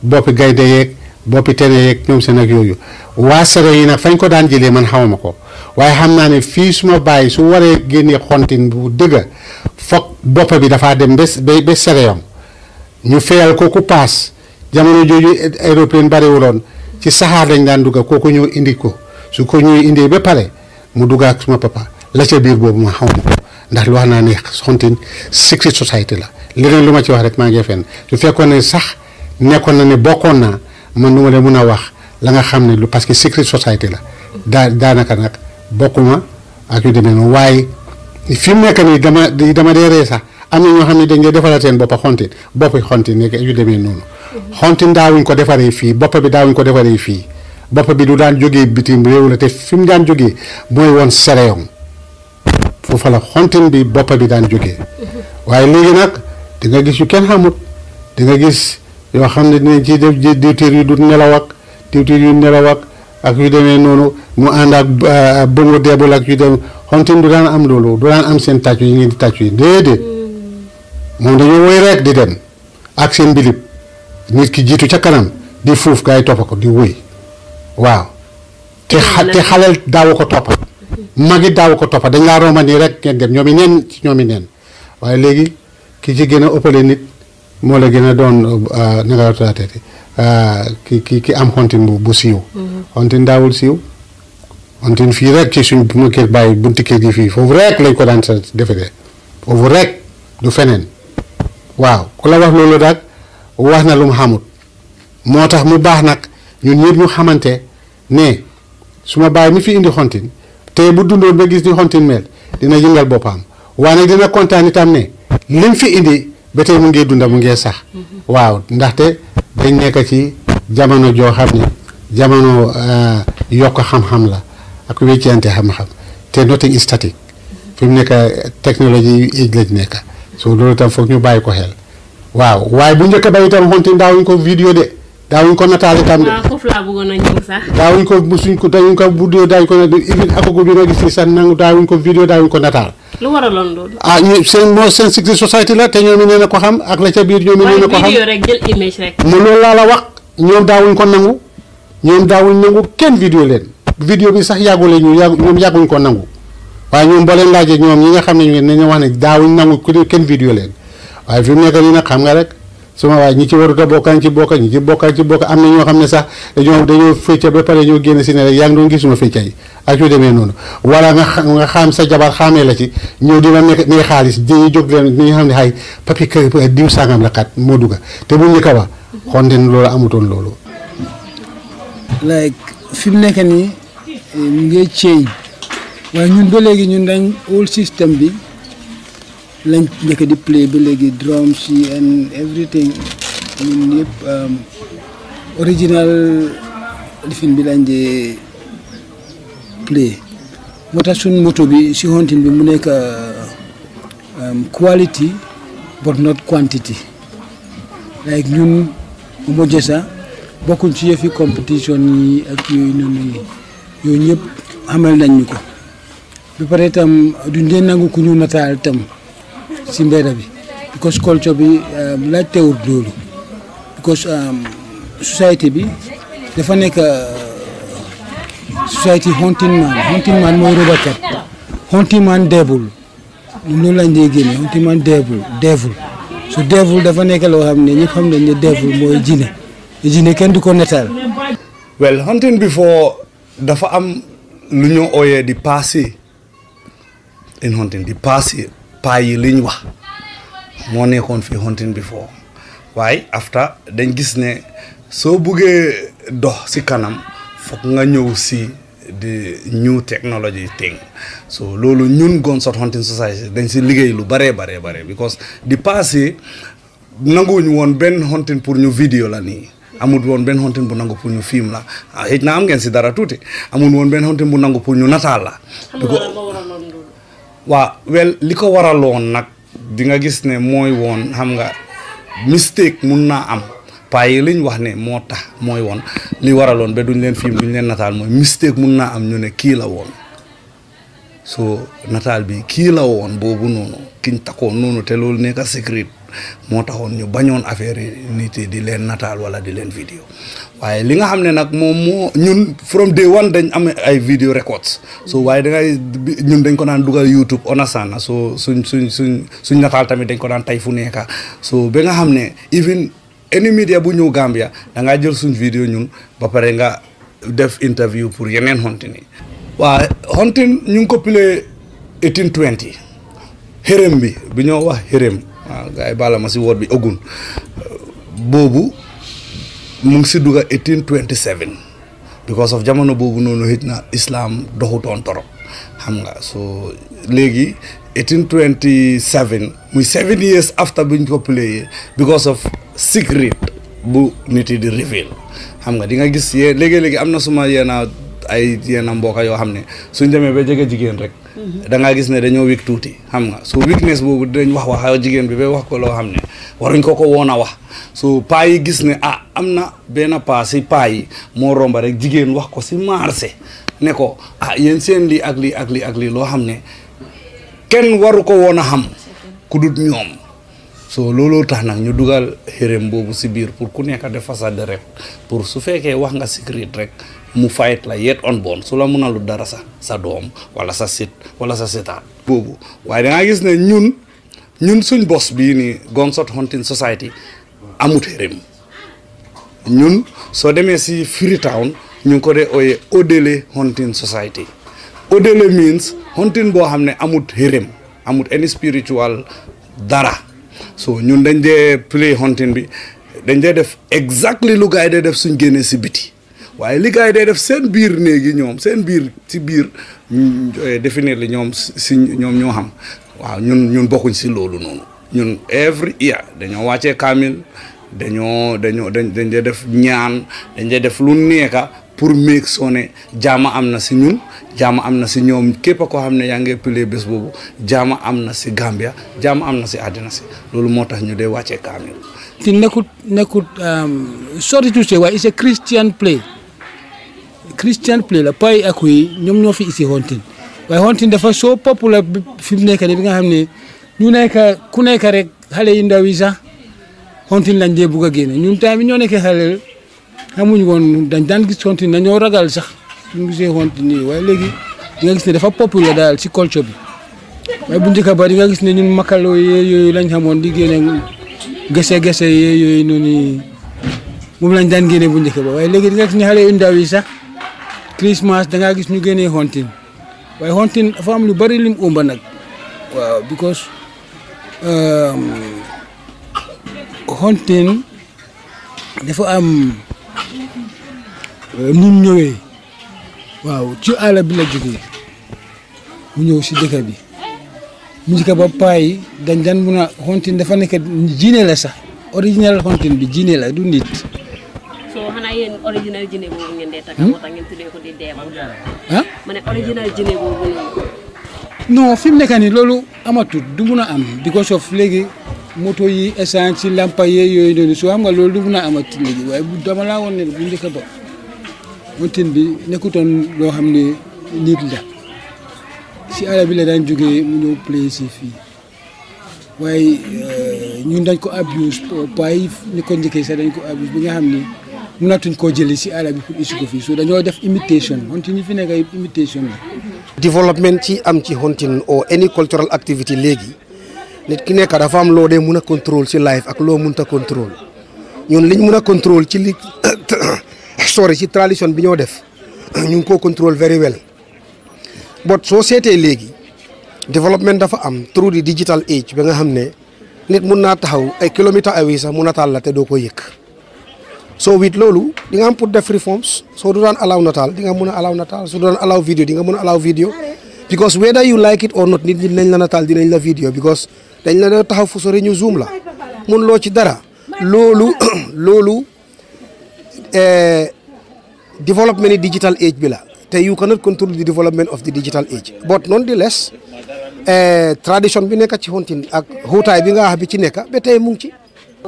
bop gayde yek boppi tere yeeg ñoom seen ak yooyu waa sere yi nag fañ ko daan jëlee man xamuma ko waaye xam naa ne fii suma bàyyi su waree génnee xontin bu dëgg foog boppa bi dafaa dem ba ba sereyam ñu feyal ko ku paas jamono jooju aéroplane bariwuloon ci saxaar dañ daan dugga kooku ñëw indi ko su ko ñuy indee ba pare mu dugg suma papa la ca biir boobu ma xamuma ko ndax lu wax naa ne xontin secret society la leneen lu ma ci wax rek maa ngi fenn su fekkoon ne sax nekkoon na ne bokkoon naa man du ma de mun a wax la nga xam ne lu parce que secret society la daa daanaka nag bokkuma ak yu demee noonu waaye fi mu nekk nii dama dama dee ree sax am na ñoo xam ne dañ dee defaral seen boppa xontin boppi xontin nekk yu demee noonu mhm. xontin daawuñ ko defaree fii bopp bi daawuñ ko defaree fii bopp bi du daan jógee bitim réew la te fi daan jógee mooy woon sereyoŋ foofu la xontin bi bopp bi daan jógee mhm. waaye léegi nag di nga gis yu kenn xamut di gis yo xamne dinañ ci def diwtiir yu du nelawak, ak diwtiir yu nelawak ak yu demee noonu mu ànd ak euh, bongo debul ak yu dem xontin du daan am loolu du daan am seen tàccu yi ngeen di tàccu yi déedéet mm. moom dañoo wéy rek di dem ak seen bilib nit ki jiitu ca kanam di fuuf gaay topp ko di wéy waaw te te xalal daaw ko toppa magi daaw ko toppa dañ laa romani rek ngeen dem ñoomi neen ci ñoomi neen waaye léegi ki ci gën a ëppale nit moo la gën a doon euh, naka la traité euh, ki ki am xontin bu bu siiw. Mhm. xontin daawul siiw. xontin fii rek ci bàyyi bunti kër gi fii rek lañ ko daan sa defee foofu rek du feneen waaw ku la wax loolu nag wax na lu mu xamut moo tax mu baax nag ñun ñëpp ñu xamante ne su ma bàyyi mi fi indi xontin te bu dundoon ba gis ni xontin mel dina yëngal boppam waaye nag dina kontaan itam ne lim fi indi. ba tey mu ngee dunda mu ngee sax mm-hmm. waaw ndaxte dañ nekk ci jamono joo xam ne jamono uh, yokk xam-xam la ak wéccante xam-xam te nothing statique mm-hmm. fi mu nekk technologie yi lañ nekk so loolu tam foog ñu bàyyi ko xel waaw waaye bu njëkk ba itam xonti ndaawuñ ko vidéo de daawuñ ko nataal itam de. waaw daawuñ ko suñ dañ ko buddee dañ ko nag even akogo bi daawuñ ko vidéo daawuñ ko nataal. ah ñu seen moo seen secret society la te ñoom ñu ko xam ak la ca biir ñoom ñu nee na ko xam mu loolu laa la wax ñoom daawuñ ko nangu ñoom daawuñ nangu kenn vidéo leen vidéo bi sax yàggule ñu yàgg ñoom yàgguñ ko nangu waaye ñoom boo leen laajee ñi nga xam ne ñu ne ñu wax ne daawuñ nangu kenn vidéo leen waaye fi mu nekk nii xam nga rek suma waay ñi ci warut a bokkaan ci bokka ñi ci bokkaan ci bokka am na ñoo xam ne sax dañoo dañoo fecca ba pare ñoo génn si ne rek yaa ngi doon gisuma fecca yi ak yu demee noonu wala nga nga xaam sa jabar xamee la ci ñëw di la nekk ne xaalis dañuy jóg leen ñu xam ne xay papi kër diw sàngam la xat moo dugga te bu njëkk ba xonte ni loolu amutoon loolu like fi mu nekk nii eh, mu ngi change waaye ñun ba léegi ñun dañ old système bi lañ njëkk di play ba léegi drums yi and everything ñun yëpp um, original lifin bi lañ dee play moo tax suñ moto bi si hontin bi mu nekk um, quality but not quantity like ñun Omo Jessa bokkuñ ci yëfi competition yi ak yooyu noonu yi yooyu ñëpp xamal nañ ñu ko ba pare itam duñ dee nangu ku ñu nataal tam si mbedd bi because culture bi um, laajtewut loolu because um, society bi dafa nekk uh, society hunting man hunting man mooy robakat hunting man deebul noonu lañ dee génne hunting man deebul deebul su deebul dafa nekk loo xam ne ñëpp xam nañ ne deebul mooy jinne jinne kenn du ko nettaal well hunting before dafa am lu ñu ooyee di passé in hunting di passé paa yi li ñu wax moo nekkoon fi bi foo waaye after dañ gis ne soo buggee dox si kanam foog nga ñëw si di new technology thing so loolu ñun Goncourt Hunting Society dañ si liggéey lu baree baree bare because di passé nanguwuñu woon benn hunting pour ñu vidéo la nii amul woon benn hunting bu nangu pour ñu film la ah xëy am ngeen si dara tuuti amul woon benn hunting bu ñu nataal la waa li ko waraloon nag di nga gis ne mooy woon xam nga mistake mun naa am paa yi liñ wax ne moo tax mooy woon li waraloon be duñ leen film duñ leen nataal mooy mistake mun naa am ñu ne kii la woon so nataal bi kii la woon boobu noonu kiñ takkoon noonu te loolu nekk secret moo taxoon ñu bañoon affaire nit yi di leen nataal wala di leen vidéo waaye li nga xam ne nag moom moo ñun from day one dañ am ay video records so waaye da ngay ñun dañ ko naan dugal YouTube onasana so suñ suñ suñ suñ nataal tamit dañ ko daan tay fu nekka so ba nga xam ne even any media bu ñëw Gambia da ngaa jël suñ vidéo ñun ba pare nga def interview pour yeneen hontin yi waa hontin ñu ngi ko pile 1820 xërëm bi bu ñëw wax xërëm waaw gars yi bàlla ma si woot bi ogun boobu mu ngi si dugg 1827 because of jamono boobu noonu xëj na islam doxutoon torop xam nga so léegi 1827 muy seven years after buñ ko playé because of secret bu nit yi di reveal xam nga di nga gis yee léegi-léegi am na suma yenn ay yenn mbokk yoo xam ne suñ demee ba jege jigéen rek. da nga gis ne dañu wik tuuti xam nga so weakness bobu dañ wax wax jigen bi be wax ko lo xamne waruñ ko ko wona wax so paa yi gis ne ah amna ben benn paa si paa yi moo romba rek jigen wax ko ci marché ne ko ah yeen seen li ak li ak li ak li lo xamne kenn waru ko wona xam ku dut so lolo tax nak ñu duggal herem bobu ci bir pour ku nekk def façade rek pour su fekke wax nga secret rek mu fayet la yet on bon su la mënalu dara sa sa dom wala sa sit wala sa sitaat bobu way da nga gis ne ñun ñun suñ bos bi ni gonsot hunting society amut rem ñun soo ci free town ñu ko dee oyé odele hunting society odele means hunting bo xam amut hirim amut any spiritual dara so ñun dañ dee play hunting bi dañ def exactly lu gaay de def suñu génné si biti waye li gars day def sen bir néegi ñom sen bir ci bir définir li ñom si ñom ño xam waaw ñun ñun bokkuñ ci lolu non ñun every year dañu wacce kamil, dañu dañu dañ dañ def ñaan dañ dañ def lu neeka pour meeg soné jama amna am ñun jama am ci ñom képp ko xamné ya nga ngi bës bobu jama amna am Gambia jama am ci adina ci lolu motax ñu day wacce kamil ti nekut nekkut um, sorry to say waaye a Christian play. Christian Play la pay ak yi ñoom ñoo fi isi hontin waaye hontin dafa soo populaire fi mu nekk nii bi nga xam ne ñu nekk ku nekk rek xale yu ndaw yi sax hontin lañ dee bugg a génne ñun temps bi ñoo nekkee xale xamuñu woon dañ daan gis hontin dañoo ragal sax ñu gisee hontin yi waaye léegi di nga gis ne dafa daal si culture bi bu njëkk ba di nga gis ne ñun makaloo yee yooyu lañ xamoon di génne gese gese yee yooyu noonu moom lañ daan génne bu njëkk ba waaye léegi di nga gis ne xale yu ndaw sax. christmas da nga gis ñu gëné hontin way hontin dafa am lu bari lim umba nak waaw because um, hontin dafa am ñu uh, ñëwé waaw ci ala bi la jógee mu ñëw si dëkk bi mu njëkk ba pay dañ dañ mëna mun hontin dafa nekk jiné la sax original hontin bi jiné la du nit yéen original jinne boobu ngeen dee takk moo ah ma ne original jinne fi mu nekk nii loolu amatul du mun a am because of léegi moto yi essence ci lampa yee yooyu noonu soo xam nga loolu du mun a léegi waaye bu dama laa woon ne bu njëkk a ba motin bi nekkutoon loo xam ne nit la si àll bi la daan jógee mu ñëw place fii waaye euh, ñun dañ ko abuse paa yi ni ko njëkkee sax dañ ko abuse bi nga xam ni mënatuñ koo jëli si àll bi pour ko fii su dañoo def imitation hunting yi fi nekk ay imitation la. développement ci am ci hunting or any cultural activity léegi nit ki nekk dafa am loo dee mun a contrôle si life ak loo mënut a contrôle ñun liñ mun a contrôle ci li sori ci tradition bi ñoo def ñu ngi koo contrôle very well boot soo seetee léegi développement dafa am through di digital age ba nga xam ne nit mun naa taxaw ay kilomètres awii sax mun a taal la te doo ko yëkk soo wit loolu di nga am pour def reforms soo du daan allow nataal di nga mën a allow nataal soo du daan allow vidéo di nga mën a allow vidéo because whether you like it or not nit ñi dinañ la nataal dinañ la vidéo because dañ la taxaw fu sori ñu zoom la mun loo ci dara loolu loolu eh, development ni digital age bi la te you cannot control the development of the digital age but nonetheless eh, tradition bi nekk ci hunting ak xuutaay bi nga wax bi ci nekk ba tey mu ngi ci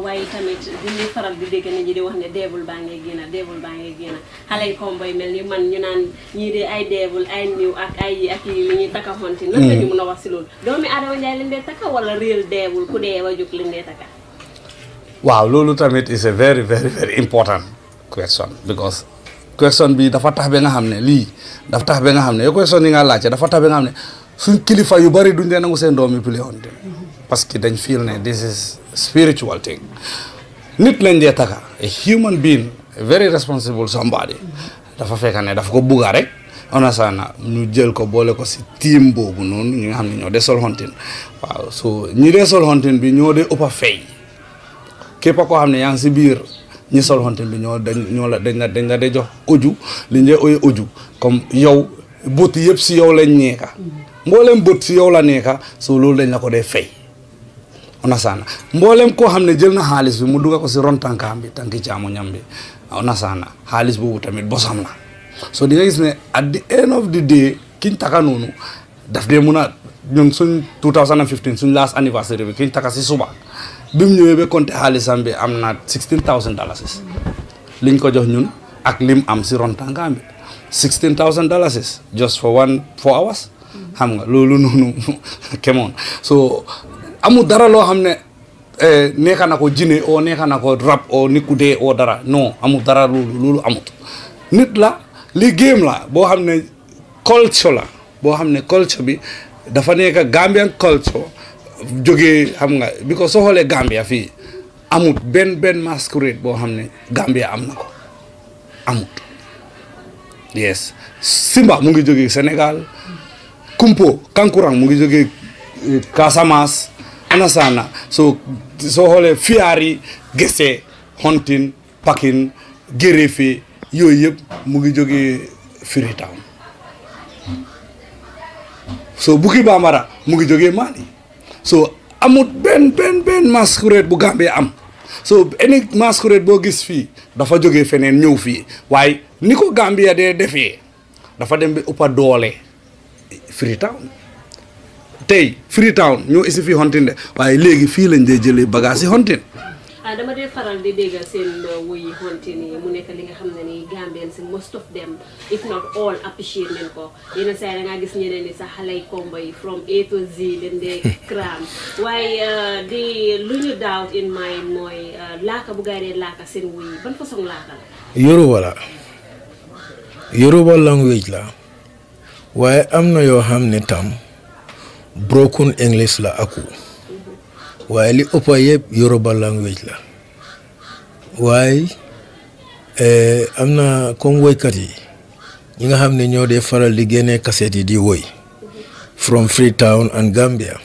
waaye tamit di faral di dégg nit di wax ne deebul baa ngay génn deebul baa ngay génn xale yi combo mel ni man ñu naan ñii de ay deebul ay niw ak ay yi ak yi li ñuy takka xonti lan ñu mën hmm. a wax si loolu doomi Adama Ndiaye lañ dee takka wala réel deebul ku dee waaw loolu tamit is a very very very important question because question bi dafa tax ba nga xam ne lii dafa tax ba nga xam ne yow question yi nga laajte dafa tax ba nga xam ne suñ kilifa yu bari duñ dee nangu seen doom yi parce que dañ feel ne this is spiritual thing nit lañ dee taka a human being a very responsible somebody dafa fekk ne dafa ko bugga rek onasana ñu jël ko boole ko si team boobu noonu ñi nga xam ne ñoo dee sol hontin so ñi dee sol hontin bi ñoo dee ëppa fay képp a koo xam ne yaa ngi si biir ñi sol hontin bi ñoo dañ ñoo la dañ la dañ jox uju li ñu dee uju comme yow bët yëpp si yow lañ nekka mbooleem bët si yow la nekka so loolu dañ la ko dee fay onasaana mboolem koo xam ne jël na xaalis bi mu dugal ko si ron tànkaam bi tànki caamuñam bi ah, onasaana xaalis boobu tamit bosam na so di nga gis ne at the end of the day kiñ taka noonu daf dee mun a ñun suñ 2015 suñ last anniversaire bi kiñ taka si suba bi mu ñëwee ba compter xaalisam bi am na 16000 dollars liñ ko jox ñun ak lim am si ron tànkaam bi 16000 dollars just for one four hours mm-hmm. xam nga loolu noonu kemoon so amul dara loo xam ne eh, neexa na ko jinne o neexa na ko rab oo nit ku dee oo dara non amul dara loolu amut nit la li game la boo xam ne culture boo xam ne culture bi dafa nekk Gambian culture jógee xam nga bi ko soxalee Gambia fi amut benn benn masquerade boo xam ne Gambia am na ko amut yes Simba mu ngi jógee senegal Kumpo Kankurang mu ngi jógee eh, Casamance understand na so soo xoolee fiyaar yi gese hontin pakin géréfe yooyu yëpp mu ngi jógee Freetown soo bukki bambara mu ngi jógee Mali soo amut benn benn benn bu Gambie am so any masquerade boo gis fii dafa jógee feneen ñëw fii waaye ni ko Gambia dee defee dafa dem bi uppa doole Freetown tey Freetown ñoo isi fii Hontin de waaye léegi fii lañ dee jëlee bagage yi Hontin ah dama dee faral di déggal seen uh, woy yi yi mu nekk li nga xam ne nii Gambien si most of them if not all appreciate nañ ko yenn saa yi da gis ñeneen ni sax xale yi komba yi from A to uh, uh, seen woy yi ban façon laaka la. Yoruba la Yoruba language la waaye am na yoo xam ne tam. broken english la aku waaye li ëpp yëpp yoruba language la waaye eh, am na comme woykat yi ñi nga xam ne ñoo dee faral di génne kaseet yi di woy from Freetown and Gambia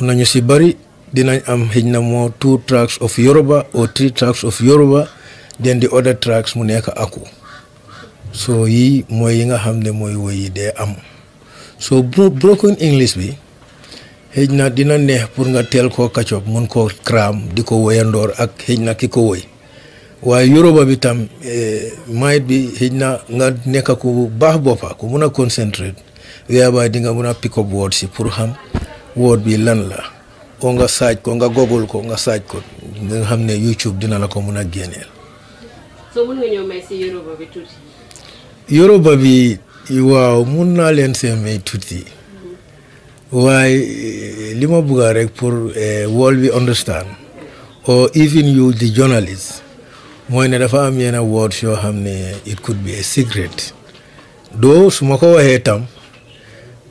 am na ñu si bari dinañ am xëj na moo two tracks of yoruba or three tracks of yoruba then the other tracks mu nekk aku so yii mooy yi nga xam ne mooy woy yi dee am so broken english bi xëy na dina neex pour nga teel koo kacob mun ko kraam di ko woyandoor ak xëy na ki ko woy waaye yoruba bi tam eh, mayit bi xëy na nga nekk ku baax boppa ku mun a concentrate whereby di nga mun a pick up word si pour xam word bi lan la oo nga saaj ko nga gogul ko nga saaj ko nga xam ne YouTube dina la ko mun a génneel. soo bi. waaw mun naa leen seen may tuuti waaye eh, li ma bëgga rek pour eh, world bi understand or even you di journalist mooy ne dafa am yenn words yoo xam ne it could be a secret doo su ma ko waxee tam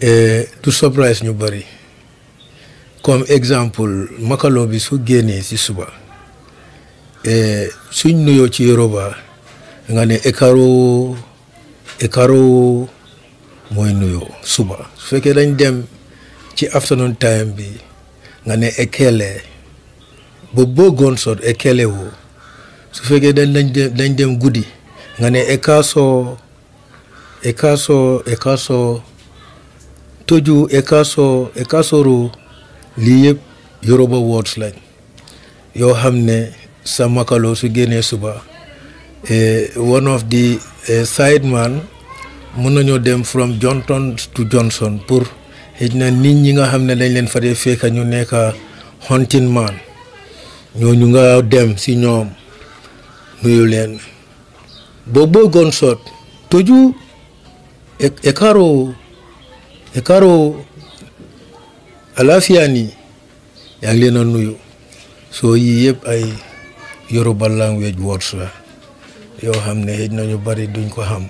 eh, du surprise ñu bëri comme exemple makaloo bi su génnee ci suba suñ nuyoo ci Yoruba nga ne ekaro ikaro mooy nuyoo suba su fekkee dañ dem ci afternoon time bi nga ne ekele ba boo goon soot woo su fekkee dañ dem dañ dem guddi nga ne ekaasoo ekaasoo ekaasoo toju ekaasoo ekaasoro lii yëpp Yoruba words lañ yoo xam ne sa makaloo su génnee suba Eh, one of the eh, sideman mën nañoo dem from Johnson to Johnson pour xëj na nit ñi nga xam ne dañ leen fa dee fekk ñu nekk hunting man ñooñu nga dem si ñoom nuyu leen boobu gon soot toju e, ekaro ekaro alaafiyaa nii yaa ngi leen a nuyu soo yii yëpp ay Yoruba language words la yoo xam ne xëj na ñu bari duñ ko xam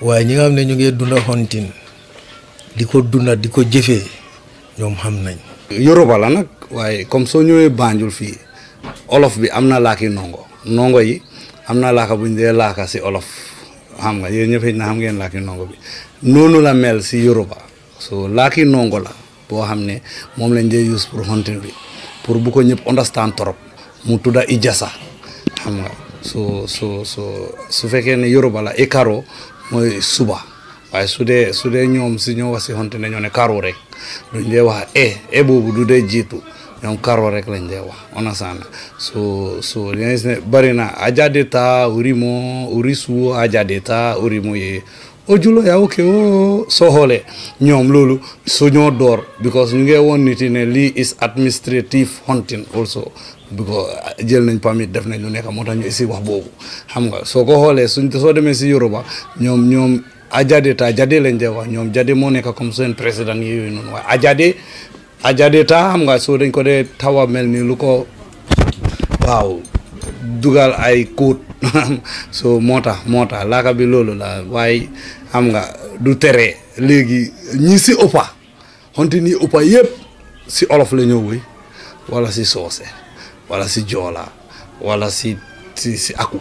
waaye ñi nga xam ne ñu ngi dunda xontin di ko dunda di ko jëfee ñoom xam nañ. yoruba nag waaye comme soo ñëwee Banjul fii olof bi am na laaki nongo nongo yi am na laaka bu ñu laaka si olof xam nga yéen ñëpp na xam ngeen laaki nongo bi noonu la mel si yoruba so laaki nongo la boo xam ne moom lañ dee use pour hunting bi pour bu ko ñëpp understand trop mu tudda ijasa xam nga. su su su su fekkee ne yoruba la ikaro e mooy suba waaye su dee su dee ñoom si ñoo wasi xonte ne ñoo ne karo rek duñ dee wax e e boobu du dee jiitu ñoom karo rek lañ dee wax a, sana so so dinañ ne bari na ajadeta urimo urisu ajadeta urimo ye ojulo yaa ok o soo xoolee ñoom loolu su ñoo door because ñu ngee woon nit yi ne lii is administrative hunting also bi ko jël nañ permis def nañ lu nekk moo tax ñu isi wax boobu xam nga soo ko xoolee suñ soo demee si Yoruba ñoom ñoom ajade ta ajade lañ dee wax ñoom jade moo nekk comme seen président yi yooyu noonu waaye ajade ajade xam nga soo dañ ko dee taw a mel ni lu ko waaw dugal ay kuut so moo tax moo tax laaka bi loolu la waaye xam nga du tere léegi ñi si ëppa xonti ni ëppa yëpp si olof la ñëw wéy wala si soose wala si joola wala si si si aku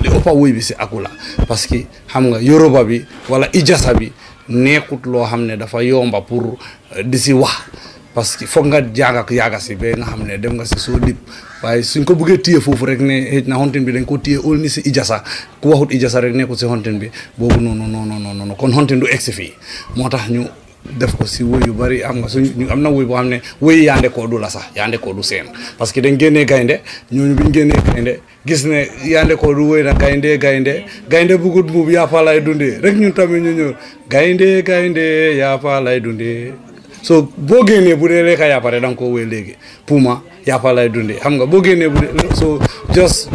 li ëpp a woy bi si aku la parce que xam nga yoroba bi wala ijasa bi nekkut loo xam ne dafa yomba pour euh, di si wax parce que foog nga jàng ak yàgga si bee nga xam ne dem nga si soo dip waaye suñ ko buggee téye foofu rek ne xëj na hontin bi dañ ko téye óol ni si ijasa ku waxut ijasa rek nekkut si hontin bi boobu noonu noonu noonu noonu kon hontin du egg si fii moo tax ñu def ko si woy yu bëri am nga suñ am na woy boo xam ne woy yaande koo du la sax yaande koo du seen parce que dañ génnee gaynde ñooñu biñ génnee gaynde gis ne yaande koo du woy na gaynde gaynde gaynde bugut buub yaafa lay dundee rek ñun tamit ñu ñëw gaynde gaynde yaafa lay dundee so boo génnee bu dee lekka yaafa pare da nga koo woy léegi puma yaafa lay dundee xam nga boo génnee bu dee so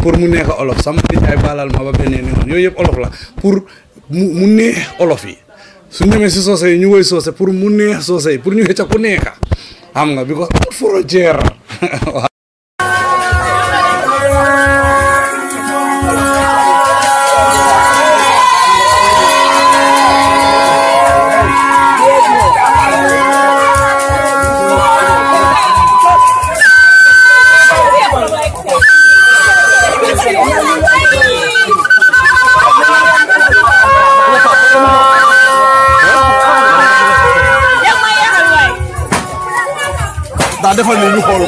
pour mu nekk olof sama nijaay baalal ma ba beneen yoon yooyu yëpp olof la pour mu mu neex olof yi suñ demee si soose yi ñu woy soose pour mu neex soose yi pour ñu xëcc ku neex xam nga because amul frontière waaw